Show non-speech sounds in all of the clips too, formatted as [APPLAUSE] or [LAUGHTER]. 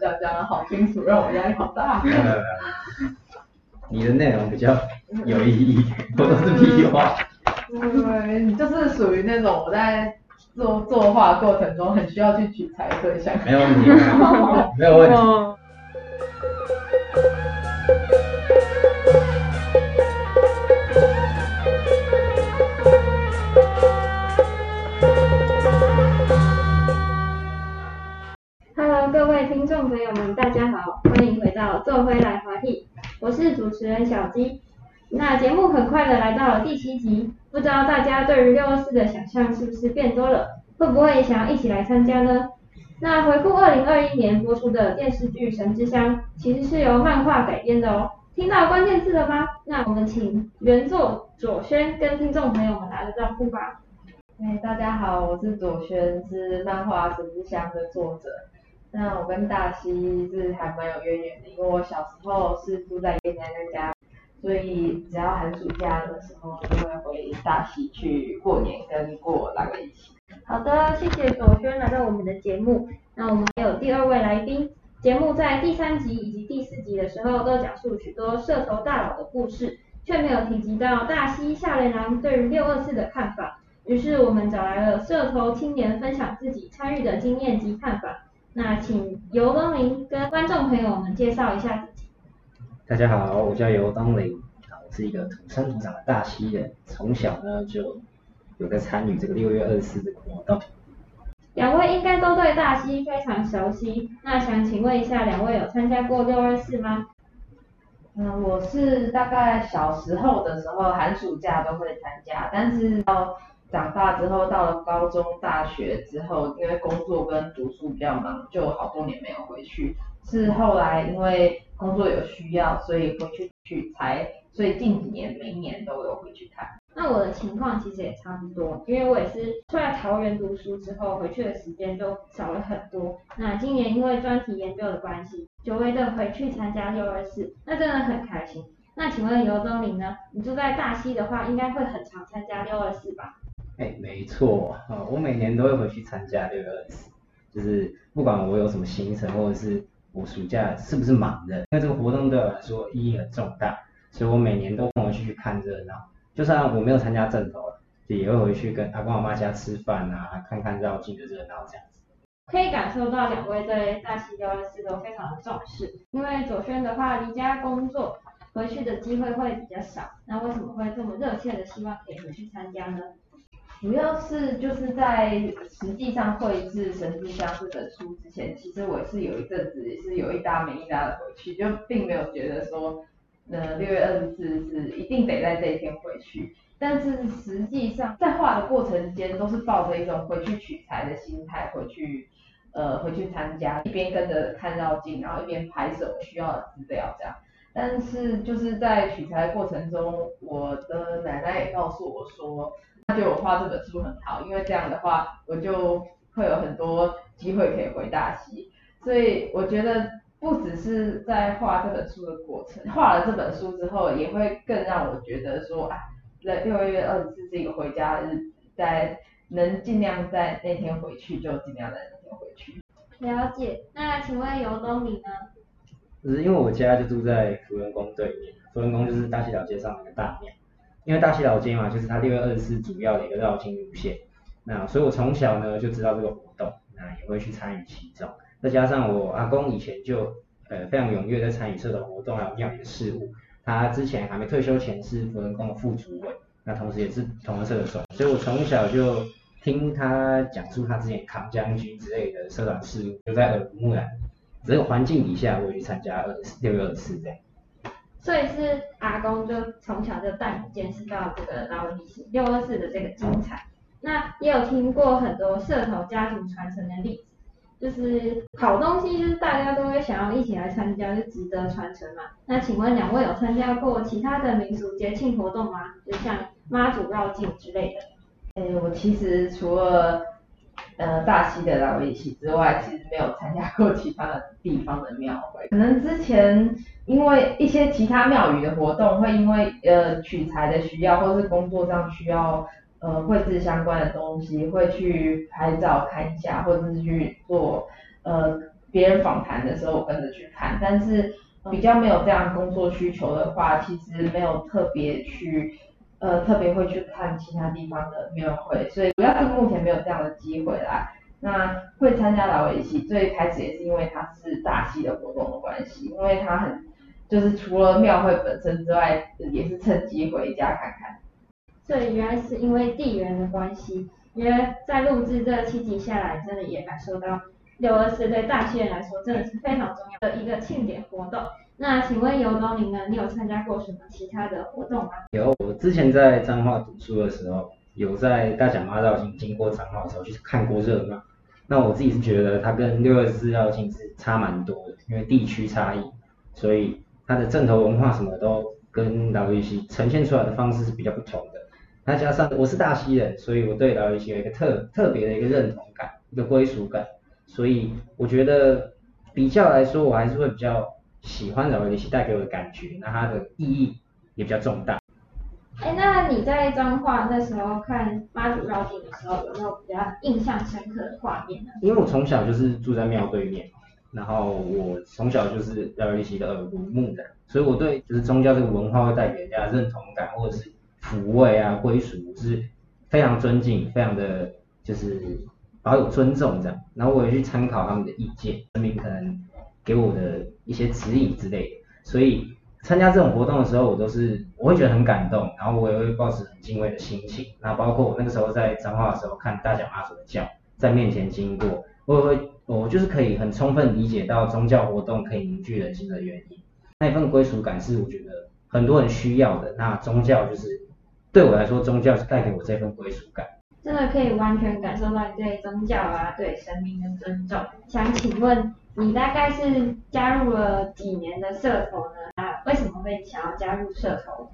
講講的好清楚，讓我壓力好大。沒有沒有，你的內容比較有意義，嗯、我都是屁話。對，你就是屬於那種我在作作畫過程中很需要去取材，所以想。沒有你、啊，沒有問題。 [LAUGHS] 沒有問題 [LAUGHS] 聽眾朋友們，大家好，歡迎回到作伙來歡禧，我是主持人小金。那節目很快的來到了第七集，不知道大家對於六二四的想象是不是變多了，會不會也想要一起來參加呢？那回顧二零二一年播出的電視劇《神之鄉》，其實是由漫畫改編的哦。聽到關鍵字了嗎？那我們請原作左萱跟聽眾朋友們來打招呼吧。哎，大家好，我是左萱，是漫畫《神之鄉》的作者。那我跟大溪是還蠻有淵源的，因為我小時候是住在爺爺奶奶家，所以只要寒暑假的時候就會回大溪去過年跟過那個一起。好的，謝謝左萱來到我們的節目。那我們還有第二位來賓。節目在第三集以及第四集的時候都講述許多社頭大佬的故事，卻沒有提及到大溪少年郎對於六二四的看法。於是我們找來了社頭青年分享自己參與的經驗及看法。那請游東霖跟觀眾朋友們介紹一下自己。大家好，我叫游東霖，我是一個土生土長的大溪人，從小呢就有在參與這個六月二十四的活動。兩位應該都對大溪非常熟悉，那想請問一下，兩位有參加過六二四嗎？嗯，我是大概小時候的時候，寒暑假都會參加，但是到、哦長大之後，到了高中、大學之後，因為工作跟讀書比較忙，就好多年沒有回去。是後來因為工作有需要，所以回去取材，所以近幾年每一年都有回去看。那我的情況其實也差不多，因為我也是出來桃園讀書之後，回去的時間都少了很多。那今年因為專題研究的關係，久違就違的回去參加六二四，那真的很開心。那請問游東霖呢？你住在大溪的話，應該會很常參加六二四吧？哎，沒錯啊、呃，我每年都會回去參加六月二十，就是不管我有什麼行程，或者是我暑假是不是忙的，因為這個活動對我來說意義很重大，所以我每年都會回去,去看熱鬧。就算我沒有參加正頭了，也會回去跟阿公阿媽家吃飯啊，看看繞境的熱鬧這樣子。可以感受到兩位對大溪六月二十都非常的重視，因為左萱的話離家工作，回去的機會會比較少，那為什麼會這麼熱切的希望可以回去參加呢？主要是就是在實際上繪製《神之鄉》這本書之前，其實我也是有一陣子也是有一搭沒一搭的回去，就並沒有覺得說，呃，六月二十四是一定得在這一天回去。但是實際上在畫的過程間，都是抱着一種回去取材的心態回去，呃，回去參加，一邊跟着看遶境，然後一邊拍手需要的資料這樣。但是就是在取材的過程中，我的奶奶也告訴我說，他覺得我畫這本書很好，因為這樣的話，我就會有很多機會可以回大溪，所以我覺得不只是在畫這本書的過程，畫了這本書之後，也會更讓我覺得說，哎、啊，在六月二十四這個回家的日子，在能盡量在那天回去，就盡量在那天回去。了解，那請問游東霖呢？只是因為我家就住在福仁宮對面，福仁宮就是大溪老街上一個大廟。因為大溪老街嘛，就是他六月二十四主要的一個繞境路線，那所以我從小呢就知道這個活動，那也會去參與其中。再加上我阿公以前就呃非常踴躍在參與社團活動還有廟裡的事務，他之前還沒退休前是福仁宮的副主委，那同時也是同安社的總，所以我從小就聽他講述他之前扛將軍之類的社團事務，就在耳濡目染這個環境底下，我也去參加六月二十四這樣。所以是阿公就從小就帶你見識到這個老味喜六二四的這個精彩。那也有聽過很多社頭家族傳承的例子，就是好東西就是大家都會想要一起來參加，就值得傳承嘛。那請問兩位有參加過其他的民俗節慶活動嗎？就像媽祖繞境之類的。嗯，我其實除了呃大溪的老味喜之外，其實沒有參加過其他的地方的廟會。可能之前。因為一些其他廟宇的活動，會因為呃取材的需要，或是工作上需要，呃繪製相關的東西，會去拍照看一下，或者是去做呃別人訪談的時候，我跟着去看。但是比較沒有這樣工作需求的話，其實沒有特別去呃特別會去看其他地方的廟會，所以主要是目前沒有這樣的機會啦。那會參加老圍戲，最開始也是因為它是大溪的活動的關係，因為它很。就是除了廟會本身之外，也是趁機回家看看。這裡原來是因為地緣的關係，因為在錄制這七集下來，真的也感受到六二四對大溪人來說真的是非常重要的一個慶典活動。那請問游東霖呢，你有參加過什麼其他的活動嗎？有，我之前在彰化讀書的時候，有在大甲媽繞境經過彰化的時候去看過熱鬧。那我自己是覺得它跟六二四繞境是差蠻多的，因為地區差異，所以。它的陣頭文化什麼都跟老一西呈現出來的方式是比較不同的，那加上我是大溪人，所以我對老一西有一個特特別的一個認同感，一個歸屬感，所以我覺得比較來說，我還是會比較喜歡老一西帶給我的感覺，那它的意義也比較重大。哎、欸，那你在彰化那時候看媽祖繞境的時候，有沒有比較印象深刻的畫面呢？因為我從小就是住在廟對面。然後我從小就是要練習的耳濡目染，所以我對就是宗教這個文化會帶給人家認同感或者是撫慰啊歸屬，是非常尊敬，非常的就是保有尊重這樣。然後我也去參考他們的意見，人民可能給我的一些指引之類的。所以參加這種活動的時候，我都是我會覺得很感動，然後我也會抱持很敬畏的心情。那包括我那個時候在彰化的時候看大甲媽祖的轎。在面前經過，我會，我就是可以很充分理解到宗教活動可以凝聚人心的原因，那一份歸屬感是我覺得很多人需要的。那宗教就是對我來說，宗教是帶給我這份歸屬感。真的可以完全感受到你對宗教啊，對神明的尊重。想請問你大概是加入了幾年的社頭呢？啊，為什麼會想要加入社頭？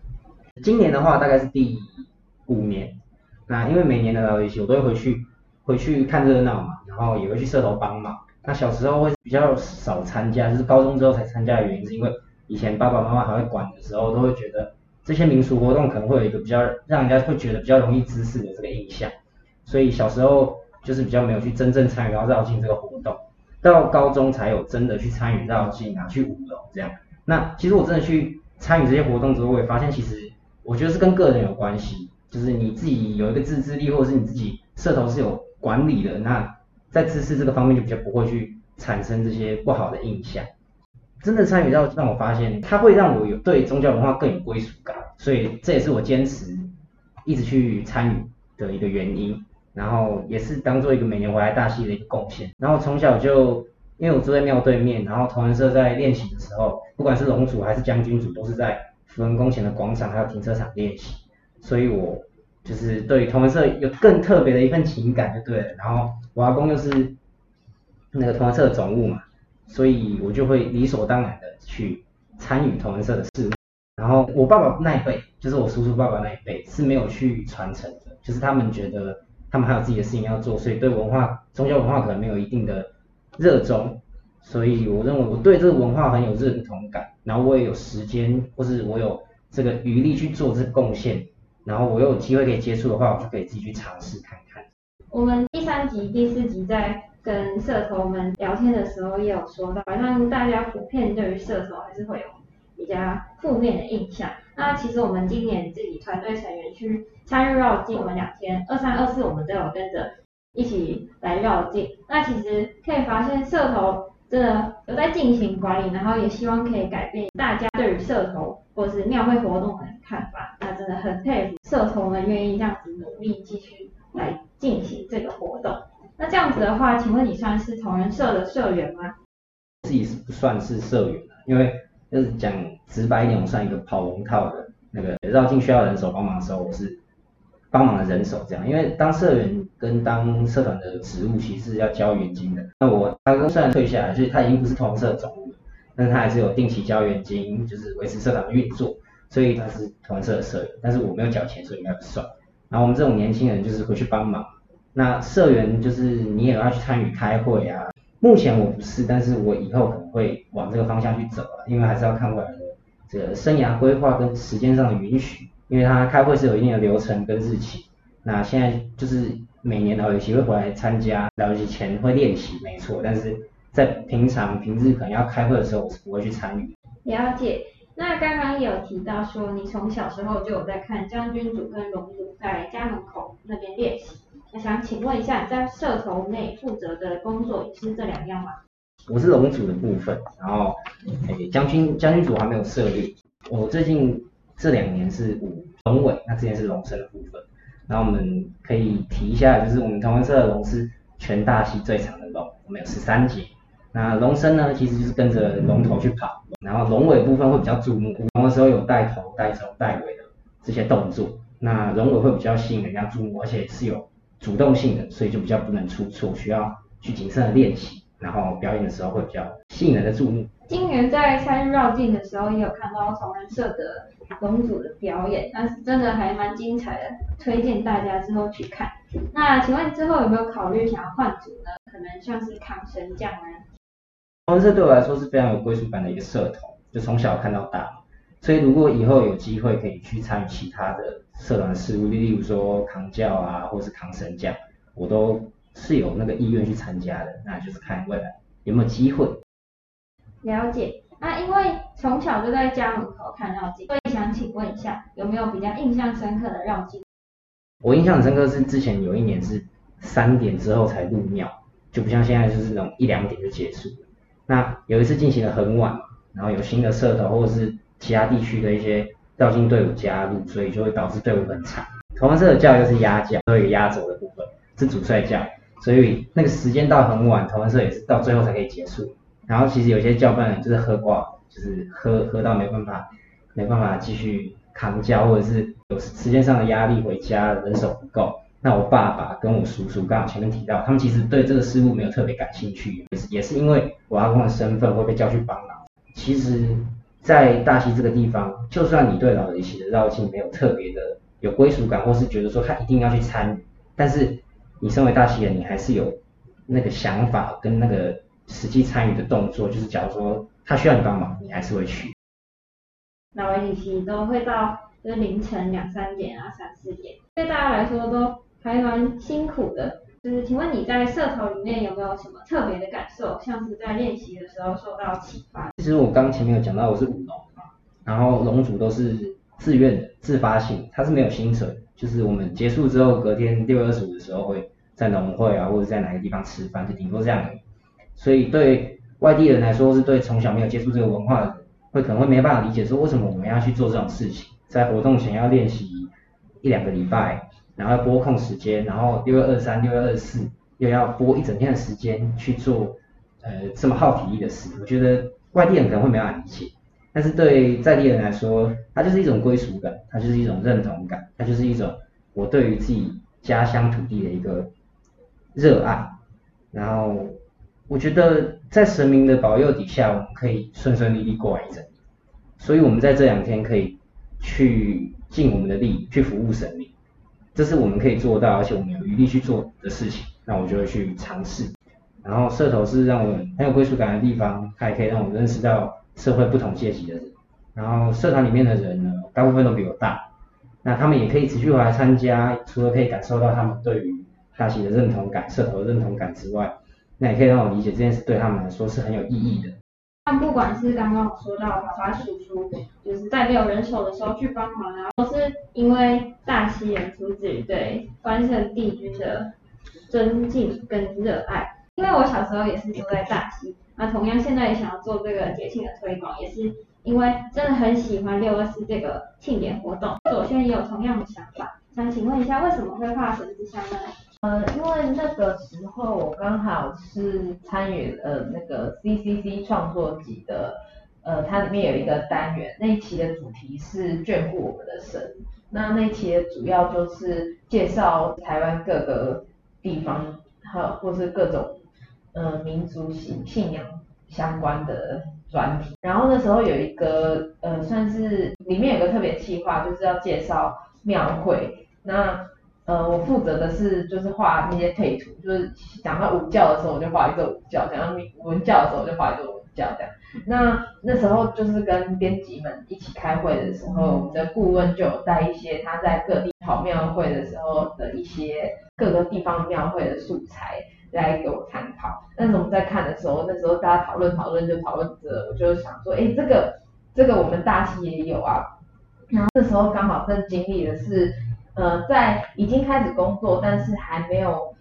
今年的話大概是第五年，那因為每年的勞役期我都會回去。回去看熱鬧嘛，然後也會去社頭幫忙。那小時候會比較少參加，就是高中之後才參加的原因，是因為以前爸爸媽媽還會管的時候，都會覺得這些民俗活動可能會有一個比較讓人家會覺得比較容易滋事的這個印象，所以小時候就是比較沒有去真正參與到繞境這個活動，到高中才有真的去參與繞境啊，去舞龍、哦、這樣。那其實我真的去參與這些活動之後，我也發現，其實我覺得是跟個人有關係，就是你自己有一個自制力，或者是你自己社頭是有管理的那，在知識這個方面就比較不會去產生這些不好的印象。真的參與到讓我發現，它會讓我有對宗教文化更有歸屬感、啊，所以這也是我堅持一直去參與的一個原因。然後也是當做一個每年回來大溪的一個貢獻。然後從小就因為我住在廟對面，然後同仁社在練習的時候，不管是龍組還是將軍組，都是在福仁宮前的廣場還有停車場練習，所以我。就是對同文社有更特別的一份情感，就對了，然後我阿公又是那個同文社的總務嘛，所以我就會理所當然的去參與同文社的事。然後我爸爸那一輩，就是我叔叔爸爸那一輩，是沒有去傳承的，就是他們覺得他們還有自己的事情要做，所以對文化、宗教文化可能沒有一定的熱衷。所以我認為我對這個文化很有認同感，然後我也有時間，或是我有這個餘力去做這貢獻。然後我有機會可以接觸的話，我就可以自己去嘗試看一看。我們第三集、第四集在跟社頭們聊天的時候也有說到，反正大家普遍對於社頭還是會有比較負面的印象。那其實我們今年自己團隊成員去參與繞境，我們兩天、嗯、二三二四我們都有跟着一起來繞境。那其實可以發現社頭真的有在進行管理，然後也希望可以改變大家對於社頭或是廟會活動的看法。那真的很佩服社頭們願意這樣子努力，繼續來進行這個活動。那這樣子的話，請問你算是同人社的社員嗎？自己是不算是社員，因為就是講直白一點，我算一個跑龍套的那個，遶境需要人手幫忙的時候，我是。幫忙的人手這樣，因為當社員跟當社團的職務其實是要交緣金的。那我他哥雖然退下來，就是他已經不是同社總務，但是他還是有定期交緣金，就是維持社團的運作，所以他是同社的社員。但是我沒有繳錢，所以沒有算。然後我們這種年輕人就是會去幫忙。那社員就是你也要去參與開會啊。目前我不是，但是我以後可能會往這個方向去走啊，因為還是要看過來的這個生涯規劃跟時間上的允許。因為他開會是有一定的流程跟日期。那現在就是每年的遶境會回來參加，遶境前會練習沒錯，但是在平常平日可能要開會的時候，我是不會去參與。了解，那剛剛也有提到說你從小時候就有在看將軍組跟龍組在家門口那邊練習，那想請問一下你在社頭內負責的工作也是這兩樣嗎？我是龍組的部分，然後誒將軍將軍組還沒有設立，我最近。這兩年是舞龍尾，那之前是龍身的部分。那我們可以提一下，就是我們台灣社的龍是全大溪最長的龍，我們有十三節。那龍身呢，其實就是跟着龍頭去跑，然後龍尾部分會比較注目，舞龍的時候有帶頭、帶頭、帶尾的這些動作。那龍尾會比較吸引人家注目，而且是有主動性的，所以就比較不能出錯，需要去謹慎的練習，然後表演的時候會比較吸引人的注目。今年在參與繞境的時候，也有看到崇仁社的龍組的表演，但是真的還蠻精彩的，推薦大家之後去看。那請問之後有沒有考慮想要換組呢？可能像是扛神將呢？崇仁社對我來說是非常有歸屬感的一個社團，就從小看到大，所以如果以後有機會可以去參與其他的社團事務，例如說扛轎啊，或是扛神將，我都是有那個意願去參加的。那就是看未來有沒有機會。了解，那、啊、因為從小就在家門口看繞境，所以想請問一下，有沒有比較印象深刻的繞境我印象很深刻是之前有一年是三點之後才入廟，就不像現在就是那種一兩點就結束了。那有一次進行的很晚，然後有新的社頭或者是其他地區的一些繞境隊伍加入，所以就會導致隊伍很長。頭紋社的教育又是壓轎，所以壓軸的部分是主帥轎，所以那個時間到很晚，頭紋社也是到最後才可以結束。然後其實有些教班人就是喝過就是喝喝到沒辦法，沒辦法繼續扛轎，或者是有時間上的壓力，回家人手不夠。那我爸爸跟我叔叔，剛剛前面提到，他們其實對這個事物沒有特別感興趣，也是也是因為我阿公的身份會被叫去幫忙。其實，在大溪這個地方，就算你對老人西的繞境沒有特別的有歸屬感，或是覺得說他一定要去參與，但是你身為大溪人，你還是有那個想法跟那個。實際參與的動作就是，假如說他需要你幫忙，你還是會去。那我一起都會到就是凌晨兩三點啊，三四點，對大家來說都還蠻辛苦的。就是請問你在社頭裡面有沒有什麼特別的感受？像是在練習的時候受到啟發？其實我剛前面有講到，我是舞龍、嗯，然後龍主都是自願自發性，他是沒有薪水，就是我們結束之後隔天六月二十五的時候會在農會啊，或者在哪個地方吃飯，就頂多這樣的。所以對外地人來說，是對從小沒有接觸這個文化的人，會可能會沒辦法理解說為什麼我們要去做這種事情。在活動前要練習一兩個禮拜，然後要撥空時間，然後六月二三、六月二四又要撥一整天的時間去做呃這麼耗體力的事，我覺得外地人可能會沒辦法理解。但是對在地人來說，它就是一種歸屬感，它就是一種認同感，它就是一種我對於自己家鄉土地的一個熱愛，然後。我覺得在神明的保佑底下，我們可以順順利利過完一整年。所以，我們在這兩天可以去盡我們的力，去服務神明，這是我們可以做到，而且我們有餘力去做的事情。那我就會去嘗試。然後，社頭是讓我們很有歸屬感的地方，它也可以讓我們認識到社會不同階級的人。然後，社團裡面的人呢，大部分都比我大，那他們也可以持續回來參加，除了可以感受到他們對於大戲的認同感、社頭的認同感之外。那也可以讓我理解這件事對他們來說是很有意義的。但不管是剛剛我說到華華叔叔，就是在沒有人手的時候去幫忙，然後是因為大溪人出自於對關聖帝君的尊敬跟熱愛。因為我小時候也是住在大溪，那同樣現在也想要做這個節慶的推廣，也是因為真的很喜歡六二四這個慶典活動。首先我也有同樣的想法，想請問一下為什麼會畫神之鄉呢？呃，因為那個時候我剛好是參與了呃那個 CCC 創作集的，呃，它裡面有一個單元，那一期的主題是眷顧我們的神，那那一期的主要就是介紹台灣各個地方和或是各種呃民族性信仰相關的專題，然後那時候有一個呃算是裡面有個特別企劃，就是要介紹廟會，那。呃，我負責的是就是畫那些配圖，就是講到武轎的時候我就畫一個武轎，講到文轎的時候我就畫一個文轎這樣。那那時候就是跟編輯們一起開會的時候，嗯、我們的顧問就有帶一些他在各地跑廟會的時候的一些各個地方廟會的素材來給我參考。但是我們在看的時候，那時候大家討論討論就討論着，我就想說，誒、欸，這個這個我們大溪也有啊。然、嗯、後那時候剛好正經歷的是。呃，在已經開始工作，但是還沒有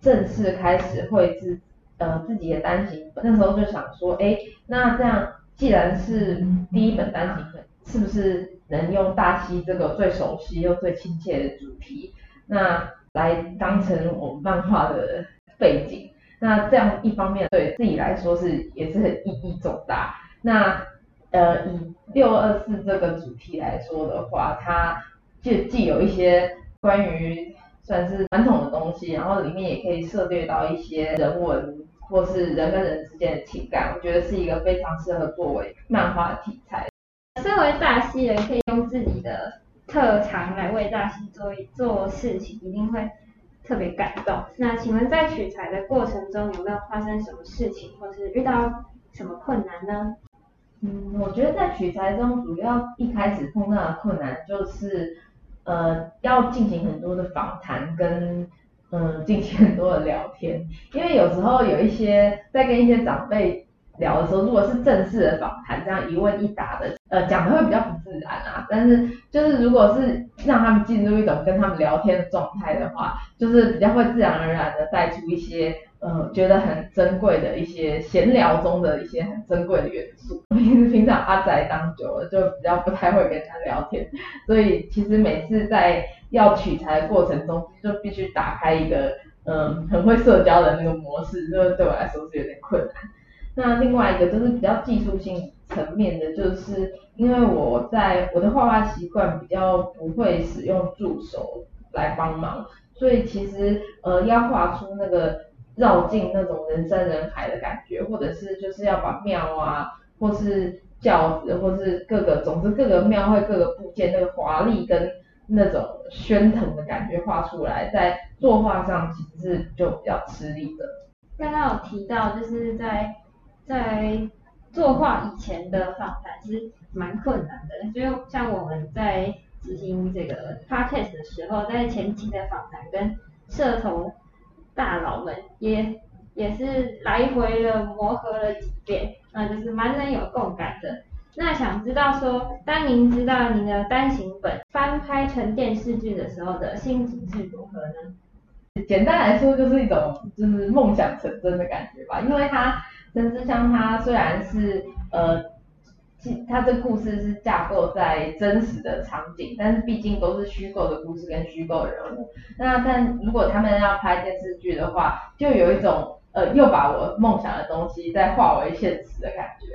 正式開始繪製，呃，自己的單行本，那時候就想說，哎、欸，那這樣既然是第一本單行本、嗯，是不是能用大溪這個最熟悉又最親切的主題，那來當成我們漫畫的背景，那這樣一方面對自己來說是也是很意義重大。那呃，以六二四這個主題來說的話，它。既既有一些關於算是傳統的東西，然後裡面也可以涉獵到一些人文或是人跟人之間的情感，我覺得是一個非常適合作為漫畫題材。身為大溪人，可以用自己的特長來為大溪做一做事情，一定會特別感動。那請問在取材的過程中有沒有發生什麼事情，或是遇到什麼困難呢？嗯，我覺得在取材中主要一開始碰到的困難就是。呃，要進行很多的訪談，跟，嗯，進行很多的聊天，因為有時候有一些在跟一些長輩。聊的時候，如果是正式的訪談，這樣一問一答的，呃，講的會比較不自然啊。但是就是如果是讓他們進入一種跟他們聊天的狀態的話，就是比較會自然而然的帶出一些，嗯、呃，覺得很珍貴的一些閒聊中的一些很珍貴的元素。平 [LAUGHS] 時平常阿宅當久了，就比較不太會跟他聊天，所以其實每次在要取材的過程中，就必須打開一個，嗯、呃，很會社交的那個模式，這對我來說是有點困難。那另外一個就是比較技術性層面的，就是因為我在我的畫畫習慣比較不會使用助手來幫忙，所以其實呃要畫出那個遶境那種人山人海的感覺，或者是就是要把廟啊或是轎子或是各個總之各個廟會各個部件那個華麗跟那種喧騰的感覺畫出來，在作畫上其實是就比較吃力的。剛剛有提到就是在在作畫以前的訪談其實蠻困難的，就像我們在執行這個 Podcast 的時候，在前期的訪談跟社頭大佬們也也是來回的磨合了幾遍，那、呃、就是蠻能有共感的。那想知道說，當您知道您的單行本翻拍成電視劇的時候的心情是如何呢？簡單來說就是一種就是夢想成真的感覺吧，因為它。神之鄉它雖然是呃，它這故事是架構在真實的場景，但是畢竟都是虛構的故事跟虛構人物。那但如果他們要拍電視劇的話，就有一種呃又把我夢想的東西再化為現實的感覺。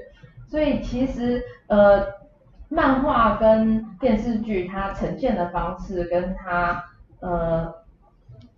所以其實呃，漫畫跟電視劇它呈現的方式跟它呃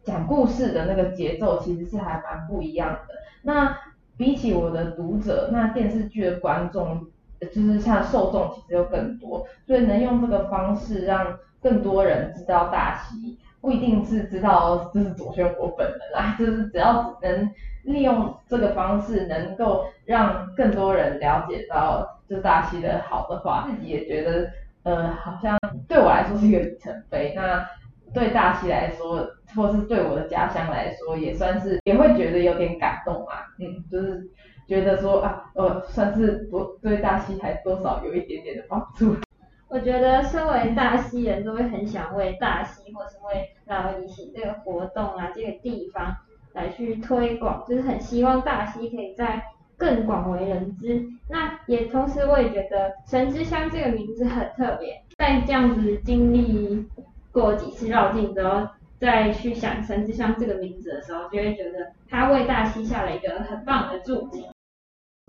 講故事的那個節奏其實是還蠻不一樣的。那。比起我的讀者，那電視劇的觀眾，就是像受眾其實就更多，所以能用這個方式讓更多人知道大溪，不一定是知道這是左萱我本人啦、啊，就是只要只能利用這個方式，能夠讓更多人了解到這大溪的好的話，自己也覺得呃好像對我來說是一個里程碑。那對大溪來說，或是對我的家鄉來說，也算是也會覺得有點感動嘛、啊，嗯，就是覺得說啊，呃，算是多，對大溪還多少有一點點的幫助。我覺得身為大溪人都會很想為大溪或是為老一行這個活動啊，這個地方來去推廣，就是很希望大溪可以再更廣為人知。那也同時我也覺得神之鄉這個名字很特別，但這樣子經歷。照鏡，然後再去想《神之鄉》這個名字的時候，就會覺得他為大溪下了一個很棒的注解。《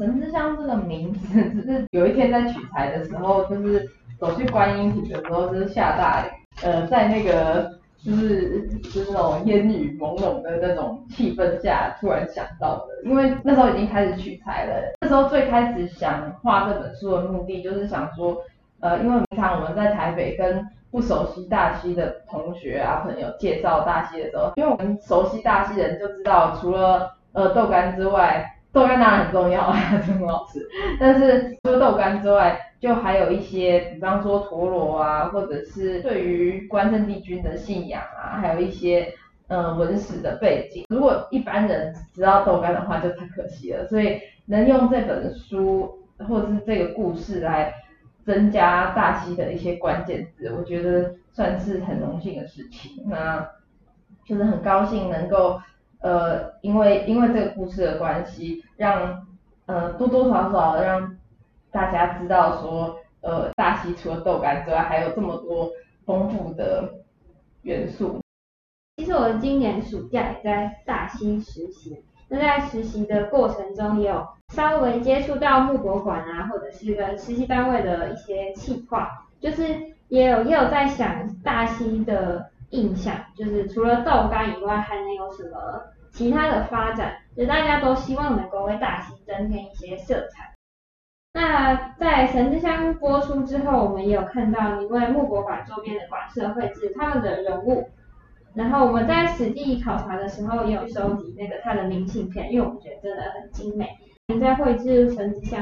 神之鄉》這個名字只、就是有一天在取材的時候，就是走去觀音亭的時候，就是下大雨，呃，在那個就是就是那種煙雨朦朧的那種氣氛下突然想到的。因為那時候已經開始取材了，那時候最開始想畫這本書的目的就是想說。呃，因為平常，我們在台北跟不熟悉大溪的同學啊、朋友介紹大溪的時候，因為我們熟悉大溪人就知道，除了呃豆干之外，豆干當然很重要啊，真的很好吃。但是除了豆干之外，就還有一些，比方說陀螺啊，或者是對於關聖帝君的信仰啊，還有一些呃文史的背景。如果一般人知道豆干的話，就太可惜了。所以能用這本書或者是這個故事來。增加大溪的一些關鍵字，我覺得算是很榮幸的事情。那就是很高興能夠，呃，因為因為這個故事的關係，讓呃多多少少讓大家知道說，呃，大溪除了豆乾之外，還有這麼多豐富的元素。其實我今年暑假也在大溪實習。那在實習的過程中，也有稍微接觸到木博館啊，或者是跟實習單位的一些企劃，就是也有也有在想大溪的印象，就是除了豆干以外，還能有什麼其他的發展？就大家都希望能夠為大溪增添一些色彩。那在《神之鄉》播出之後，我們也有看到你為木博館周邊的館舍繪制他們的人物。然後我們在實地考察的時候，也有收集那個他的明信片，因為我們覺得真的很精美。你在繪制《神之鄉》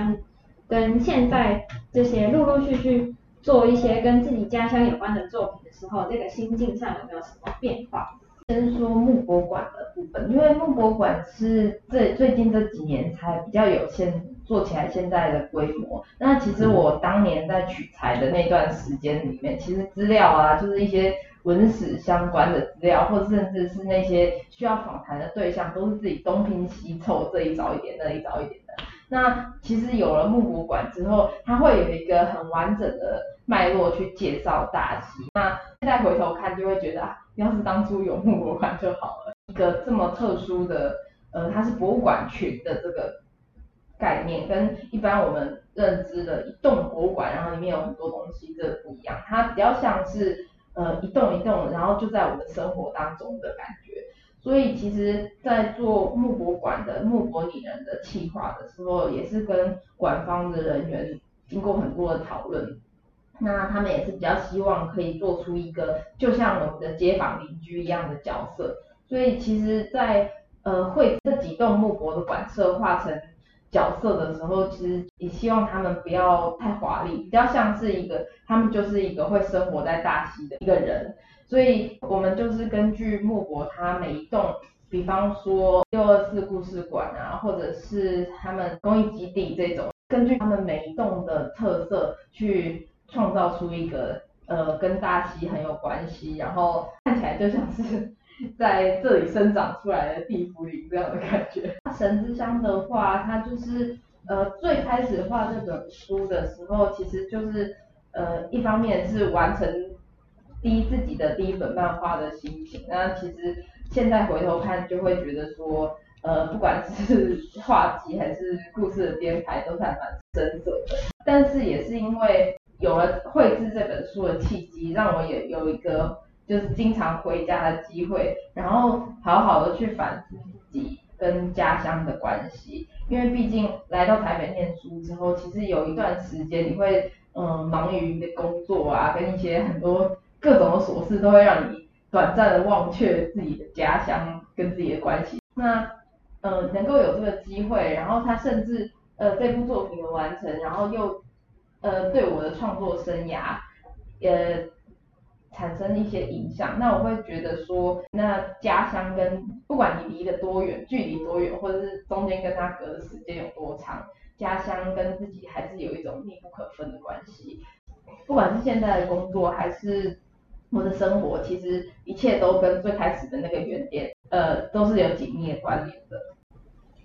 跟現在這些陸陸續續做一些跟自己家鄉有關的作品的時候，這個心境上有沒有什麼變化？先說木博館的部分，因為木博館是這最近這幾年才比較有現做起來現在的規模。那其實我當年在取材的那段時間裡面，其實資料啊，就是一些。文史相關的資料，或甚至是那些需要訪談的對象，都是自己東拼西湊這一找一點，那一找一點的。那其實有了木博館之後，它會有一個很完整的脈絡去介紹大溪。那再回頭看，就會覺得啊，要是當初有木博館就好了。一個這麼特殊的，呃，它是博物館群的這個概念，跟一般我們認知的一棟博物館，然後裡面有很多東西這不一樣。它比較像是。呃，一棟一棟，然後就在我們生活當中的感覺。所以其實，在做木博館的木博擬人的企劃的時候，也是跟館方的人員經過很多的討論。那他們也是比較希望可以做出一個就像我們的街坊鄰居一樣的角色。所以其實在，在呃，會這幾棟木博的館舍畫成。角色的時候，其實也希望他們不要太華麗，比較像是一個他們就是一個會生活在大溪的一個人，所以我們就是根據木博他每一棟，比方說六二四故事館啊，或者是他們工藝基地這種，根據他們每一棟的特色去創造出一個呃跟大溪很有關係，然後看起來就像是。在這裡生長出來的地府裡這樣的感覺。神之鄉的話，它就是呃最開始畫這本書的時候，其實就是呃一方面是完成第一，自己的第一本漫畫的心情。那其實現在回頭看，就會覺得說呃不管是畫集還是故事的編排，都是還蠻深邃的。但是也是因為有了繪制這本書的契機，讓我也有一個。就是經常回家的機會，然後好好的去反思自己跟家鄉的關係，因為畢竟來到台北念書之後，其實有一段時間你會嗯、呃、忙於你的工作啊，跟一些很多各種的瑣事，都會讓你短暫的忘卻自己的家鄉跟自己的關係。那嗯、呃、能夠有這個機會，然後他甚至呃這部作品的完成，然後又呃對我的創作生涯也，呃。產生一些影響，那我會覺得說，那家鄉跟不管你離得多遠，距離多遠，或者是中間跟他隔的時間有多長，家鄉跟自己還是有一種密不可分的關係。不管是現在的工作還是我的生活，其實一切都跟最開始的那個原點，呃，都是有緊密的關聯的。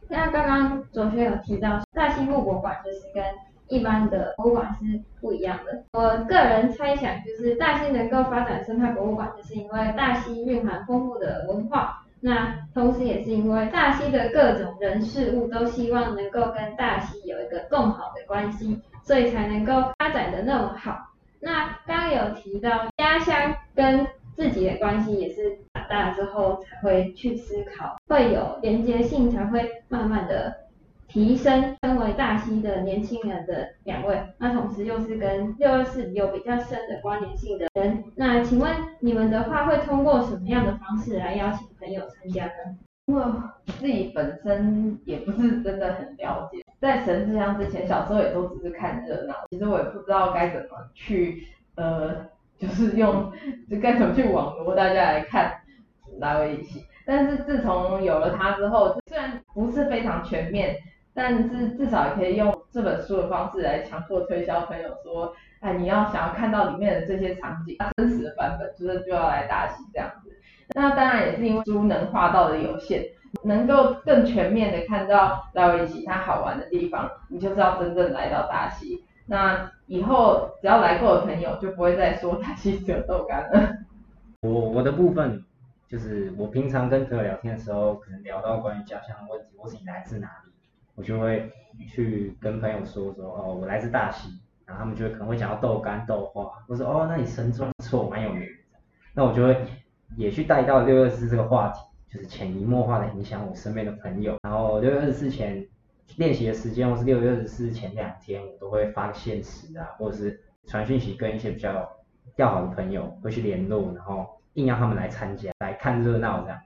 那剛剛左萱有提到大溪木博館就是跟。一般的博物館是不一樣的。我個人猜想，就是大溪能夠發展生態博物館，就是因為大溪蘊含豐富的文化，那同時也是因為大溪的各種人事物都希望能夠跟大溪有一個更好的關係，所以才能夠發展的那麼好。那剛剛有提到家鄉跟自己的關係，也是長大之後才會去思考，會有連接性，才會慢慢的。提升身，身為大溪的年輕人的兩位，那同時又是跟六二四有比較深的關聯性的人，那請問你們的話會通過什麼樣的方式來邀請朋友參加呢？因為我自己本身也不是真的很了解，在神之鄉之前，小時候也都只是看熱鬧，其實我也不知道該怎麼去呃，就是用就該怎麼去網羅大家來看哪位一起，但是自從有了他之後，雖然不是非常全面。但是至少也可以用這本書的方式來強迫推銷朋友說，哎，你要想要看到裡面的這些場景，真實的版本，真的就要來大溪這樣子。那當然也是因為書能畫到的有限，能夠更全面的看到到其他好玩的地方，你就是要真正來到大溪。那以後只要來過的朋友就不會再說大溪只有豆乾了。我我的部分就是我平常跟朋友聊天的時候，可能聊到關於家鄉的問題，我自己來自哪裡。我就會去跟朋友說說，哦，我來自大溪，然後他們就可能會講到豆乾豆化、豆花，我說哦，那你神作不錯，蠻有名的，那我就會也去帶到六月二十四這個話題，就是潛移默化的影響我身邊的朋友，然後六月二十四前練習的時間，或是六月二十四前兩天，我都會發個限時啊，或者是傳訊息跟一些比較要好的朋友會去聯絡，然後硬要他們來參加，來看熱鬧這樣。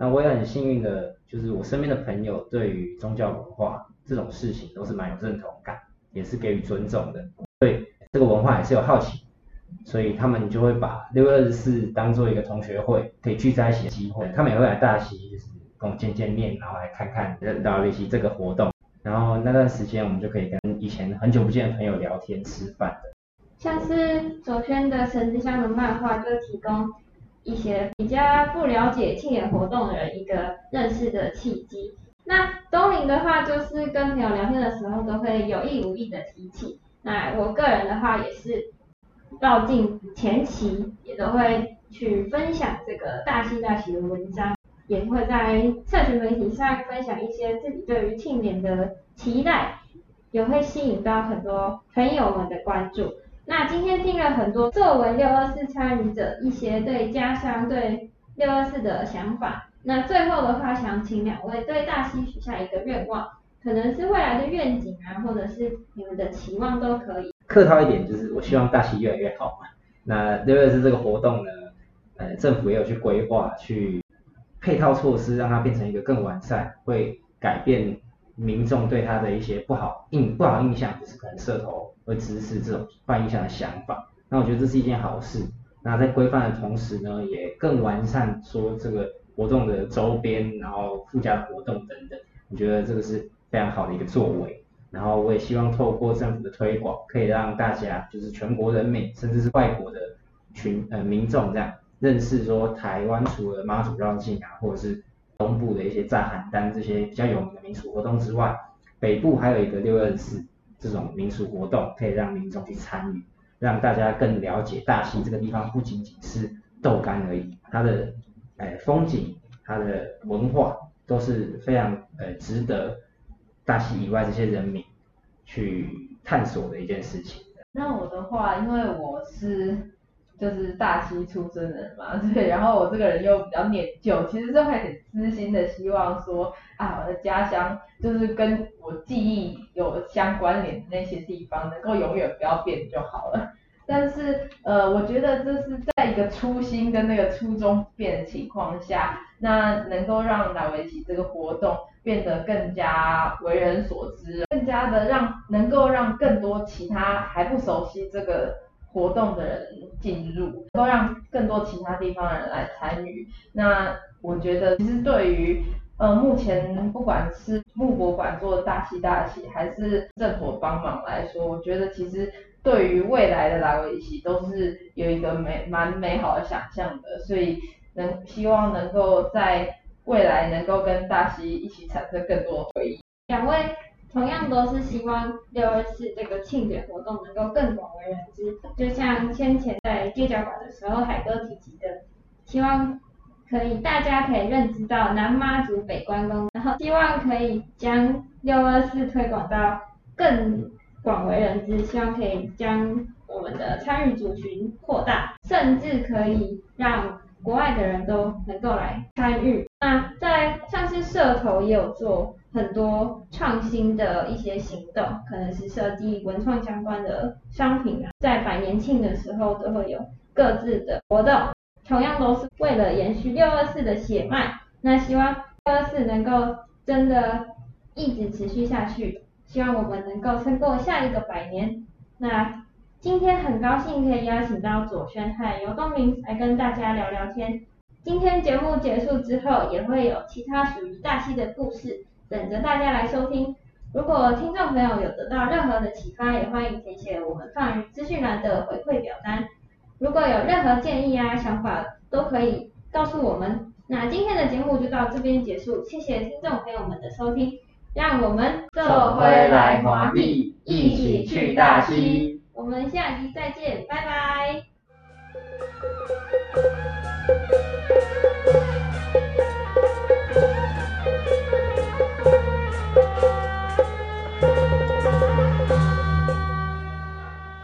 那我也很幸運的，就是我身邊的朋友對於宗教文化這種事情都是蠻有認同感，也是給予尊重的，對這個文化也是有好奇，所以他們就會把六月二十四當做一個同學會可以聚在一起的機會，他們也會來大溪，就是跟我見見面，然後來看看大里溪這個活動，然後那段時間我們就可以跟以前很久不見的朋友聊天吃飯的，像是左萱的神之鄉的漫畫就提供。一些比較不了解慶典活動的人一個認識的契機。那東霖的話，就是跟朋友聊天的時候都會有意無意的提起。那我個人的話，也是到近前期也都會去分享這個大溪大溪的文章，也會在社群媒體上分享一些自己對於慶典的期待，也會吸引到很多朋友們的關注。那今天聽了很多作為六二四參與者一些對家鄉、對六二四的想法。那最後的話，想請兩位對大溪許下一個願望，可能是未來的願景啊，或者是你們的期望都可以。客套一點，就是我希望大溪越來越好嘛。那六二四這個活動呢，呃、嗯，政府也有去規劃、去配套措施，讓它變成一個更完善、會改變。民眾對他的一些不好印不好印象，就是可能社頭會支持這種壞印象的想法。那我覺得這是一件好事。那在規範的同時呢，也更完善說這個活動的周邊，然後附加活動等等，我覺得這個是非常好的一個作為。然後我也希望透過政府的推廣，可以讓大家就是全國人民，甚至是外國的群呃民眾這樣認識說，台灣除了媽祖繞境啊，或者是。東部的一些炸寒單這些比較有名的民俗活動之外，北部還有一個六二四這種民俗活動，可以讓民眾去參與，讓大家更了解大溪這個地方不僅僅是豆乾而已，它的哎、呃、風景、它的文化都是非常呃值得大溪以外這些人民去探索的一件事情。那我的話，因為我是。就是大溪出身的人嘛，對，然後我這個人又比較念舊，其實就會很私心的希望說，啊，我的家鄉就是跟我記憶有相關聯的那些地方，能夠永遠不要變就好了。但是，呃，我覺得這是在一個初心跟那個初衷變的情況下，那能夠讓老圍棋這個活動變得更加為人所知，更加的讓能夠讓更多其他還不熟悉這個。活動的人進入，都讓更多其他地方的人來參與。那我覺得，其實對於呃目前不管是木博館做大溪大溪，大溪還是政府幫忙來說，我覺得其實對於未來的蘭維西都是有一個美蠻美好的想象的。所以能希望能夠在未來能夠跟大溪一起產生更多的回憶。兩位。同樣都是希望六二四這個慶典活動能夠更廣為人知，就像先前，前在街角館的時候海哥提及的，希望可以大家可以認知到南媽祖北關公，然後希望可以將六二四推廣到更廣為人知，希望可以將我們的參與族群擴大，甚至可以讓國外的人都能夠來參與。那在像是社頭也有做。很多創新的一些行動，可能是設計文創相關的商品啊，在百年慶的時候都會有各自的活動，同樣都是為了延續六二四的血脈。那希望六二四能夠真的一直持續下去，希望我們能夠撐過下一個百年。那今天很高興可以邀請到左萱和游東霖來跟大家聊聊天。今天節目結束之後，也會有其他屬於大溪的故事。等着大家來收聽。如果聽眾朋友有得到任何的啟發，也歡迎填寫我們放資訊欄的回饋表單。如果有任何建議啊、想法，都可以告訴我們。那今天的節目就到這邊結束，謝謝聽眾朋友們的收聽。讓我們作伙來歡禧，一起去大溪。 [NOISE] 我們下集再見，拜拜。